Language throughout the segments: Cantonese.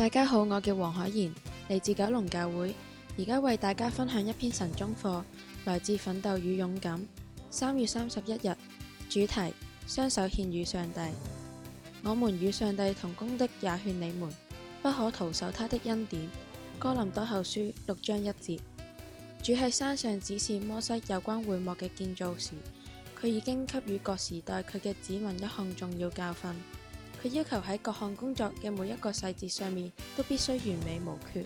大家好，我叫黃海賢，嚟自九龍教會，而家為大家分享一篇神中課，來自《奮鬥與勇敢》，三月三十一日，主題雙手獻與上帝。我們與上帝同工的也勸你們，不可徒受他的恩典。哥林多後書六章一節。主喺山上指示摩西有關會幕嘅建造時，佢已經給予各時代佢嘅子民一項重要教訓。佢要求喺各項工作嘅每一個細節上面都必須完美無缺。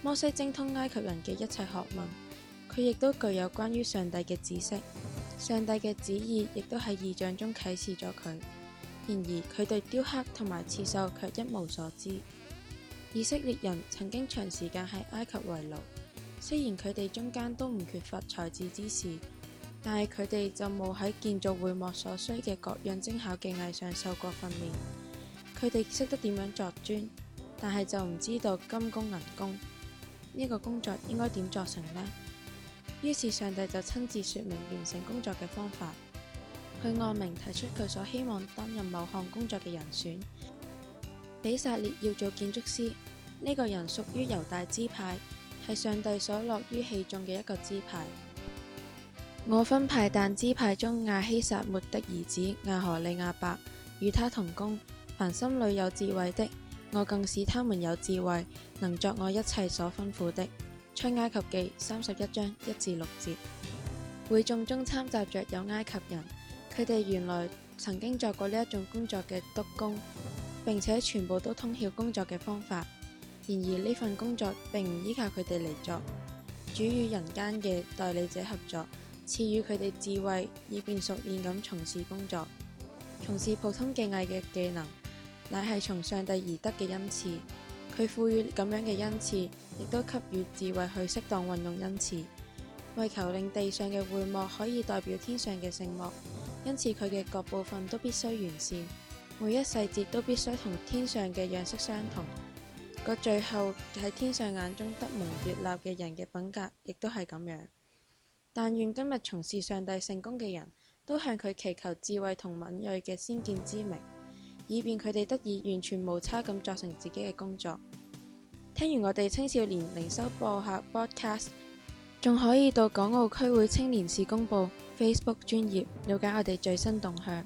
摩西精通埃及人嘅一切學問，佢亦都具有關於上帝嘅知識，上帝嘅旨意亦都喺異象中啟示咗佢。然而佢對雕刻同埋刺繡卻一無所知。以色列人曾經長時間喺埃及為奴，雖然佢哋中間都唔缺乏才智之士。但係佢哋就冇喺建造會幕所需嘅各樣精巧技藝上受過訓練。佢哋識得點樣作磚，但係就唔知道金工銀工呢個工作應該點做成呢？於是上帝就親自說明完成工作嘅方法。佢按名提出佢所希望擔任某項工作嘅人選。比撒列要做建築師，呢個人屬於猶大支派，係上帝所樂於器重嘅一個支派。我分派但支派中亞希撒末的兒子亞何利亞伯與他同工，凡心裏有智慧的，我更使他們有智慧，能作我一切所吩咐的。出埃及記三十一章一至六節。會眾中摻雜着有埃及人，佢哋原來曾經作過呢一種工作嘅督工，並且全部都通曉工作嘅方法。然而呢份工作並唔依靠佢哋嚟作，主與人間嘅代理者合作。賜予佢哋智慧，以便熟練咁從事工作。從事普通技藝嘅技能，乃係從上帝而得嘅恩賜。佢賦予咁樣嘅恩賜，亦都給予智慧去適當運用恩賜，為求令地上嘅會幕可以代表天上嘅聖幕。因此，佢嘅各部分都必須完善，每一細節都必須同天上嘅樣式相同。個最後喺天上眼中得蒙悅納嘅人嘅品格，亦都係咁樣。但願今日從事上帝聖工嘅人都向佢祈求智慧同敏鋭嘅先見之明，以便佢哋得以完全無差咁做成自己嘅工作。聽完我哋青少年靈修播客 Podcast，仲可以到港澳區會青年事工部 Facebook 專頁了解我哋最新動向。